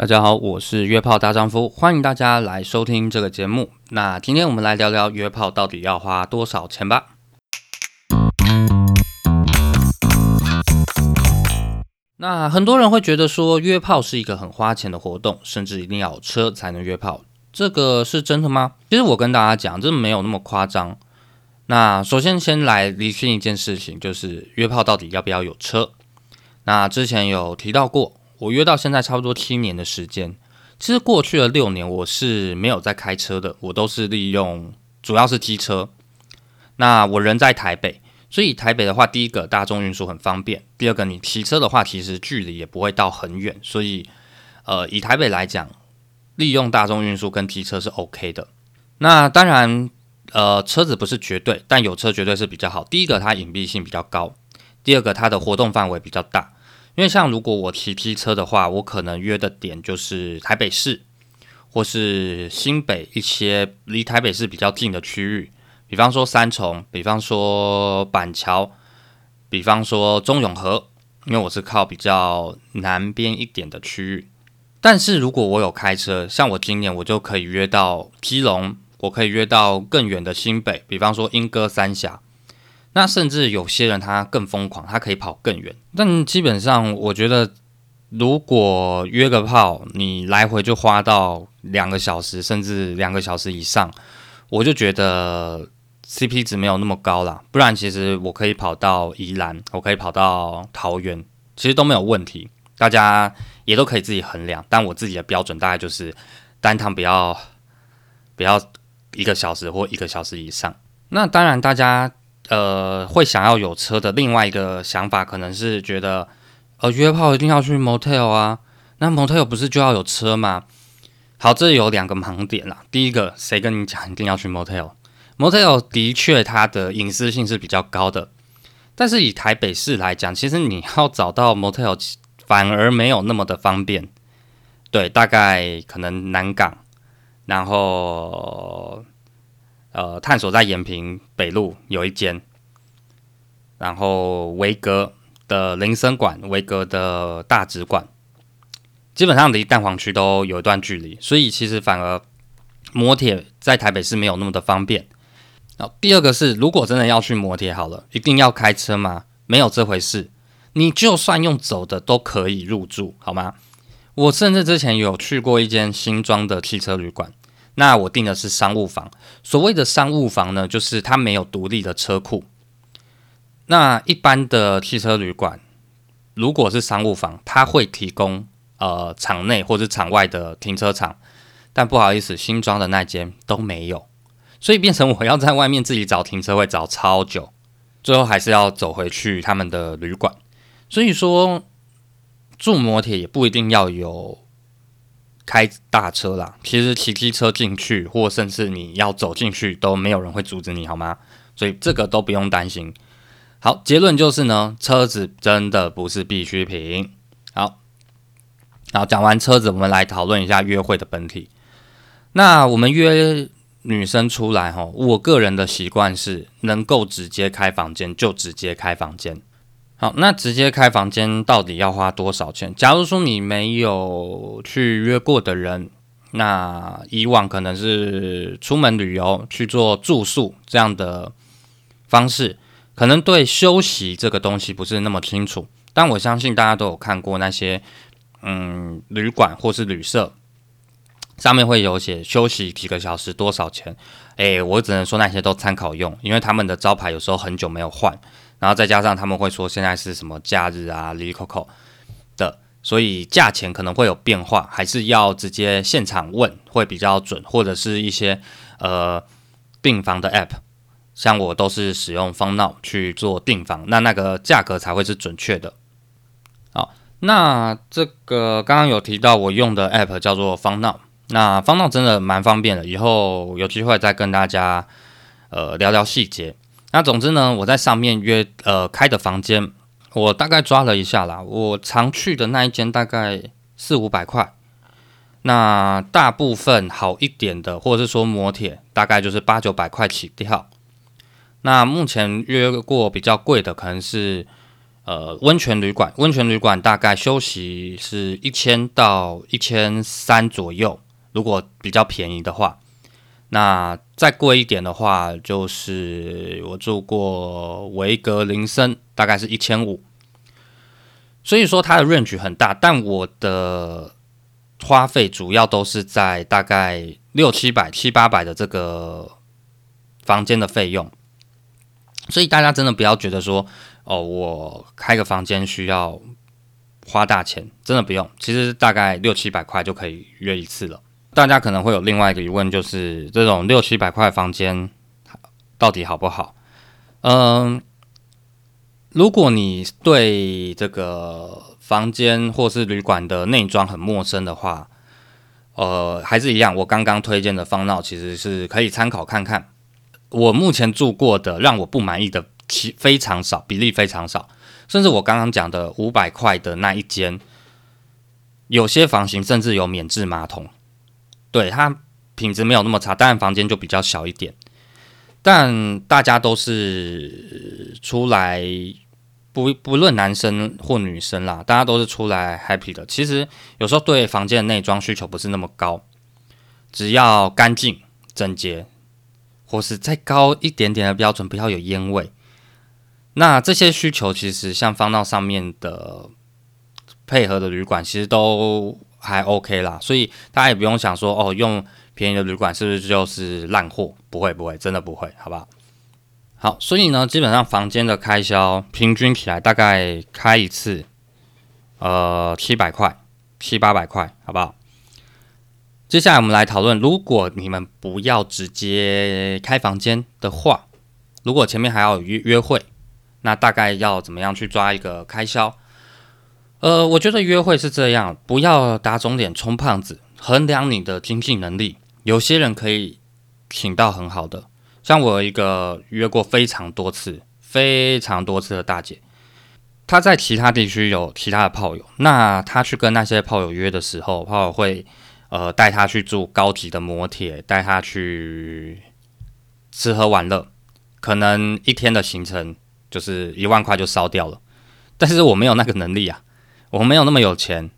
大家好，我是約炮大丈夫，歡迎大家來收聽這個節目。那今天我們來聊聊約炮到底要花多少錢吧。那很多人會覺得說約炮是一個很花錢的活動，甚至一定要有車才能約炮，這個是真的嗎？其實我跟大家講，這沒有那麼誇張。那首先先來釐清一件事情，就是約炮到底要不要有車？那之前有提到過。我約到現在差不多七年的時間。其實過去的六年，我是沒有在開車的，我都是利用，主要是機車。那我人在台北，所以台北的話，第一個大眾運輸很方便，第二個你騎車的話，其實距離也不會到很遠。所以，呃，以台北來講，利用大眾運輸跟機車是 OK 的。那當然，呃，車子不是絕對，但有車絕對是比較好。第一個它隱蔽性比較高，第二個它的活動範圍比較大。因為像如果我騎機車的話，我可能約的點就是台北市，或是新北一些離台北市比較近的區域，比方說三重，比方說板橋，比方說中永和，因為我是靠比較南邊一點的區域。但是如果我有開車，像我今年我就可以約到基隆，我可以約到更遠的新北，比方說鶯歌三峽。那甚至有些人他更瘋狂，他可以跑更遠。但基本上，我覺得如果約個炮，你來回就花到兩個小時甚至兩個小時以上，我就覺得 CP 值沒有那麼高啦，不然，其實我可以跑到宜蘭，我可以跑到桃園，其實都沒有問題。大家也都可以自己衡量。但我自己的標準大概就是單趟不要不要一個小時或一個小時以上。那當然，大家。呃，會想要有車的另外一個想法，可能是覺得，呃，約炮一定要去 motel 啊，那 motel 不是就要有車嗎？好，這有兩個盲點啦。第一個，誰跟你講一定要去 motel？motel motel 的確它的隱私性是比較高的，但是以台北市來講，其實你要找到 motel 反而沒有那麼的方便。對，大概可能南港，然後。呃，探索在延平北路有一間，然後維格的林森館、維格的大直館，基本上離蛋黃區都有一段距離，所以其實反而摩鐵在台北市沒有那麼的方便。哦，第二個是，如果真的要去摩鐵，好了，一定要開車嗎？沒有這回事，你就算用走的都可以入住，好嗎？我甚至之前有去過一間新裝的汽車旅館。那我訂的是商務房，所謂的商務房呢，就是它沒有獨立的車庫。那一般的汽車旅館，如果是商務房，它會提供呃場內或者是場外的停車場，但不好意思，新莊的那間都沒有，所以變成我要在外面自己找停車位，找超久，最後還是要走回去他們的旅館。所以說，住摩鐵也不一定要有，開大車啦，其實騎機車進去，或甚至你要走進去，都沒有人會阻止你，好嗎？所以這個都不用擔心。好，結論就是呢，車子真的不是必需品。好，好講完車子，我們來討論一下約會的本體。那我們約女生出來，我個人的習慣是，能夠直接開房間就直接開房間。好，那直接開房間到底要花多少錢？假如說你沒有去約過的人，那以往可能是出門旅遊去做住宿這樣的方式，可能對休息這個東西不是那麼清楚。但我相信大家都有看過那些，嗯，旅館或是旅社上面會有寫休息幾個小時多少錢。誒、欸，我只能說那些都參考用，因為他們的招牌有時候很久沒有換。然後再加上他們會說現在是什麼假日啊，哩哩扣扣的，所以價錢可能會有變化，還是要直接現場問會比較準，或者是一些呃訂房的 app，像我都是使用 Funnow 去做訂房，那那個價格才會是準確的。好，那這個剛剛有提到我用的 app 叫做 Funnow，那 Funnow 真的蠻方便的，以後有機會再跟大家呃聊聊細節。那總之呢，我在上面約呃開的房間，我大概抓了一下啦，我常去的那一間大概四五百塊，那大部分好一點的，或者是說摩鐵，大概就是八九百塊起跳。那目前約過比較貴的，可能是呃溫泉旅館，溫泉旅館大概休息是一千到一千三左右，如果比較便宜的話，那。再貴一點的話，就是我住過維格林森，大概是一千五，所以說它的 range 很大，但我的花費主要都是在大概六七百、七八百的這個房間的費用，所以大家真的不要覺得說哦，我開個房間需要花大錢，真的不用，其實大概六七百塊就可以約一次了。大家可能會有另外一個疑問，就是這種六七百塊房間到底好不好？嗯、呃，如果你對這個房間或是旅館的內裝很陌生的話，呃，還是一樣，我剛剛推薦的 FunNow 其實是可以參考看看。我目前住過的讓我不滿意的其非常少，比例非常少，甚至我剛剛講的五百塊的那一間，有些房型甚至有免治馬桶。對它品質沒有那麼差，當然房間就比較小一點，但大家都是出來不不論男生或女生啦，大家都是出來 happy 的。其實有時候對房間的內裝需求不是那麼高，只要乾淨整潔，或是再高一點點的標準，不要有煙味。那這些需求其實像 FunNow 上面的配合的旅館，其實都。還 OK 啦，所以大家也不用想說哦，用便宜的旅館是不是就是爛貨？不會不會，真的不會，好不好？好，所以呢，基本上房間的開銷平均起來大概開一次，呃，七百塊，七八百塊，好不好？接下來我們來討論，如果你們不要直接開房間的話，如果前面還要約約會，那大概要怎麼樣去抓一個開銷？呃，我覺得約會是這樣，不要打腫臉充胖子，衡量你的經濟能力。有些人可以請到很好的，像我一個約過非常多次、非常多次的大姐，她在其他地區有其他的炮友，那她去跟那些炮友約的時候，炮友會呃帶她去住高級的摩鐵，帶她去吃喝玩樂，可能一天的行程就是一萬塊就燒掉了。但是我沒有那個能力啊。我沒有那麼有錢，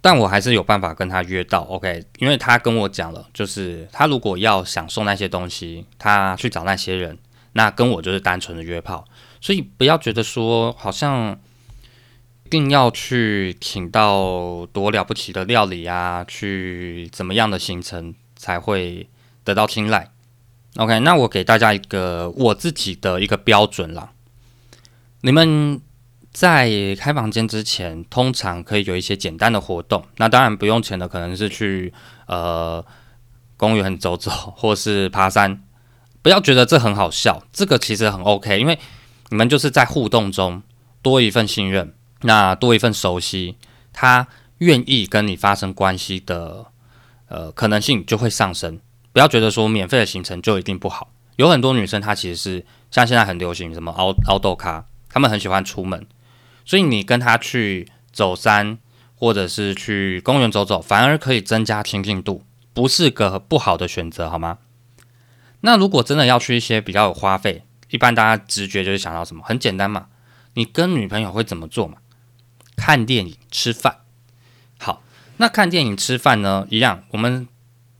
但我還是有辦法跟他約到 OK，因為他跟我講了，就是他如果要想送那些東西，他去找那些人，那跟我就是單純的約炮，所以不要覺得說好像，一定要去請到多了不起的料理啊，去怎麼樣的行程才會得到青睞。OK，那我給大家一個我自己的一個標準啦，你們。在開房間之前，通常可以有一些簡單的活動。那當然不用錢的，可能是去呃公園走走，或是爬山。不要覺得這很好笑，這個其實很 OK，因為你們就是在互動中多一份信任，那多一份熟悉，他願意跟你發生關係的呃可能性就會上升。不要覺得說免費的行程就一定不好。有很多女生她其實是像現在很流行什麼 outdoor 咖，她們很喜歡出門。所以你跟他去走山，或者是去公園走走，反而可以增加親近度，不是個不好的選擇，好嗎？那如果真的要去一些比較有花費，一般大家直覺就是想到什麼？很簡單嘛，你跟女朋友會怎麼做嘛？看電影、吃飯。好，那看電影、吃飯呢？一樣，我們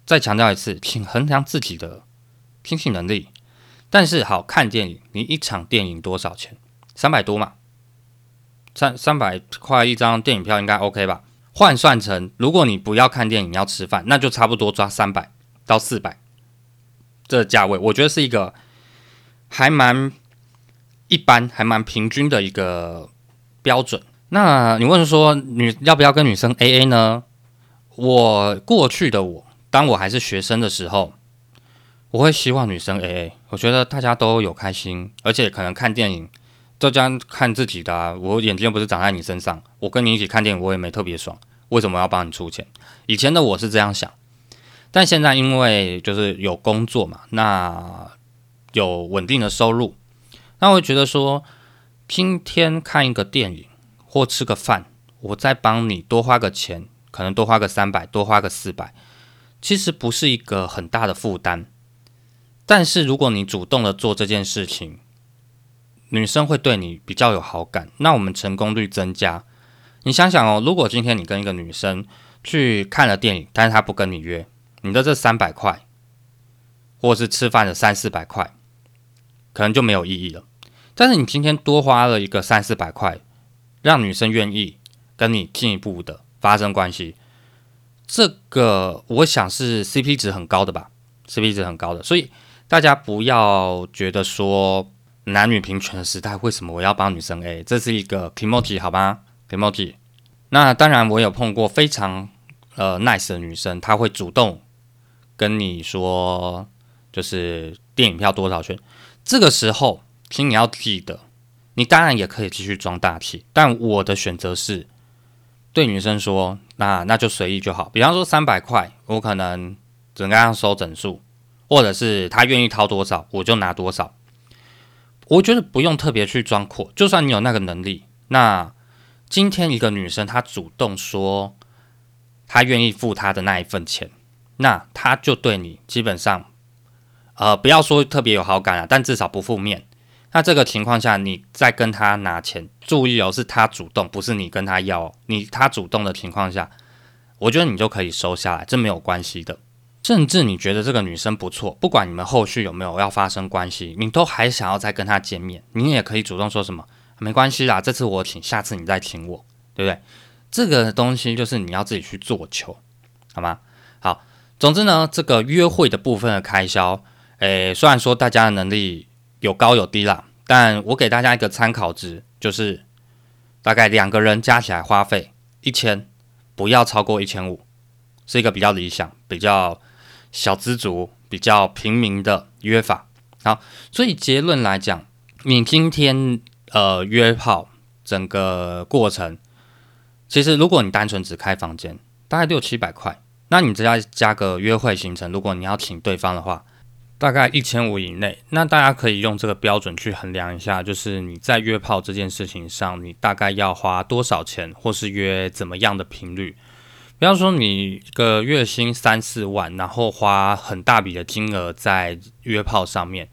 再強調一次，請衡量自己的經濟能力。但是好，看電影，你一場電影多少錢？三百多嘛。三三百塊一張電影票應該 OK 吧？換算成如果你不要看電影要吃飯，那就差不多抓三百到四百，這價位，我覺得是一個還蠻一般、還蠻平均的一個標準。那你問說女要不要跟女生 AA 呢？我過去的我，當我還是學生的時候，我會希望女生 AA，我覺得大家都有開心，而且可能看電影。這家看自己的，啊，我眼睛又不是長在你身上。我跟你一起看電影，我也沒特別爽。為什麼要幫你出錢？以前的我是這樣想，但現在因為就是有工作嘛，那有穩定的收入，那我覺得說今天看一個電影或吃個飯，我再幫你多花個錢，可能多花個三百，多花個四百，其實不是一個很大的負擔。但是如果你主動的做這件事情，女生會對你比較有好感，那我們成功率增加。你想想哦，如果今天你跟一個女生去看了電影，但是她不跟你約，你的這三百塊，或者是吃飯的三四百塊，可能就沒有意義了。但是你今天多花了一個三四百塊，讓女生願意跟你進一步的發生關係，這個我想是 CP 值很高的吧？CP 值很高的。所以大家不要覺得說。男女平權的時代，為什麼我要幫女生 A？這是一個 p i m o t 好嗎 p i m o t 那當然，我有碰過非常呃 nice 的女生，她會主動跟你說，就是電影票多少錢，這個時候，請你要記得，你當然也可以繼續裝大氣，但我的選擇是對女生說，那那就隨意就好。比方說三百塊，我可能整個要收整數，或者是她願意掏多少，我就拿多少。我覺得不用特別去裝闊，就算你有那個能力。那今天一個女生她主動說她願意付她的那一份錢，那她就對你基本上，呃，不要說特別有好感了啊，但至少不負面。那這個情況下，你再跟她拿錢，注意哦，是她主動，不是你跟她要。你她主動的情況下，我覺得你就可以收下來，這沒有關係的。甚至你覺得這個女生不錯，不管你們後續有沒有要發生關係，你都還想要再跟她見面，你也可以主動說什麼沒關係啦，這次我請，下次你再請我，對不對？這個東西就是你要自己去做球，好嗎？好，總之呢，這個約會的部分的開銷，誒、欸，雖然說大家的能力有高有低啦，但我給大家一個參考值，就是大概兩個人加起來花費一千，不要超過一千五，是一個比較理想、比較。小資族比較平民的約法，好，所以結論來講，你今天呃約炮整個過程，其實如果你單純只開房間，大概六七百塊，那你只要加個約會行程，如果你要請對方的話，大概一千五以內，那大家可以用這個標準去衡量一下，就是你在約炮這件事情上，你大概要花多少錢，或是約怎麼樣的頻率。不要說你一個月薪三四萬，然後花很大筆的金額在約炮上面。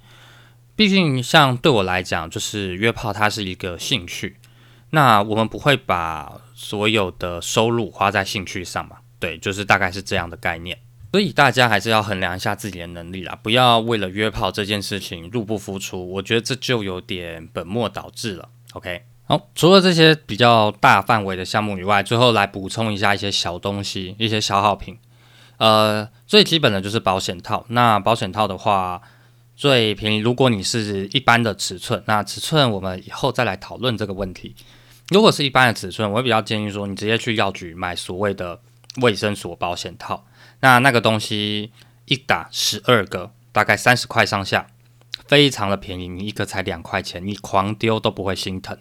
畢竟像對我來講，就是約炮它是一個興趣，那我們不會把所有的收入花在興趣上嘛？對，就是大概是這樣的概念。所以大家還是要衡量一下自己的能力啦，不要為了約炮這件事情入不敷出。我覺得這就有點本末倒置了。OK。好、哦，除了這些比較大範圍的項目以外，最後來補充一下一些小東西，一些消耗品。呃，最基本的就是保險套。那保險套的話，最便宜，如果你是一般的尺寸，那尺寸我們以後再來討論這個問題。如果是一般的尺寸，我會比較建議說，你直接去藥局買所謂的衛生所保險套。那那個東西一打十二個，大概三十塊上下，非常的便宜，你一個才兩塊錢，你狂丟都不會心疼。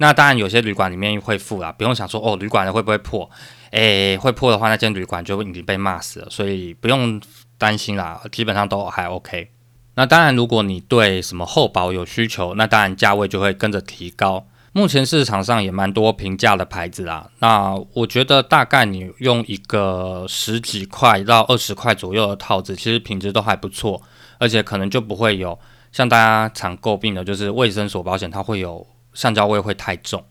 那當然，有些旅館裡面會附啦，不用想說哦，旅館的會不會破？誒、欸，會破的話，那間旅館就已經被罵死了，所以不用擔心啦，基本上都還 OK。那當然，如果你對什麼厚薄有需求，那當然價位就會跟着提高。目前市場上也蠻多平價的牌子啦，那我覺得大概你用一個十幾塊到二十塊左右的套子，其實品質都還不錯，而且可能就不會有像大家常詬病的，就是衛生所保險它會有。橡膠味會太重，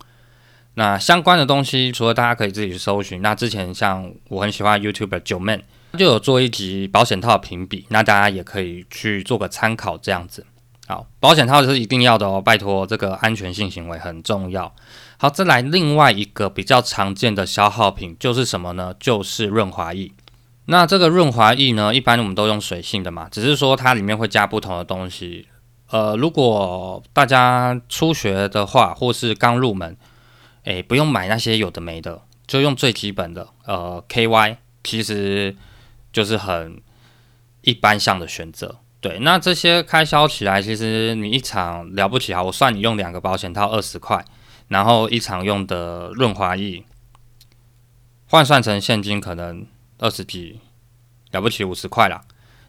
那相關的東西，除了大家可以自己去搜尋，那之前像我很喜歡 YouTuber JoMan，就有做一集保險套的評比，那大家也可以去做個參考這樣子。好，保險套是一定要的哦，拜托這個安全性行為很重要。好，再來另外一個比較常見的消耗品就是什麼呢？就是潤滑液。那這個潤滑液呢，一般我們都用水性的嘛，只是說它裡面會加不同的東西。呃，如果大家初學的話，或是剛入門，哎，不用買那些有的沒的，就用最基本的。呃，KY 其實就是很一般向的選擇。對，那這些開銷起來，其實你一場了不起啊！我算你用兩個保險套二十塊，然後一場用的潤滑液換算成現金可能二十幾，了不起五十塊啦，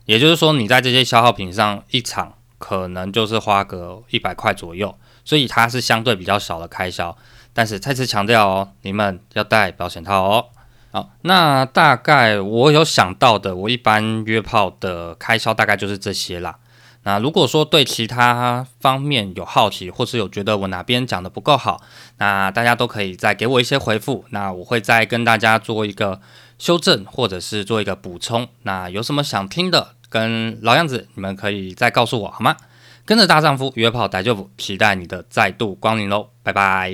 也就是說，你在這些消耗品上一場。可能就是花個一百塊左右，所以它是相對比較少的開銷。但是再次強調哦，你們要戴保險套哦。好，那大概我有想到的，我一般約炮的開銷大概就是這些啦。那如果說對其他方面有好奇，或是有覺得我哪邊講得不夠好，那大家都可以再給我一些回復，那我會再跟大家做一個修正，或者是做一個補充。那有什麼想聽的？跟老樣子，你們可以再告訴我好嗎？跟着大丈夫約炮，大丈夫，期待你的再度光臨嘍！拜拜。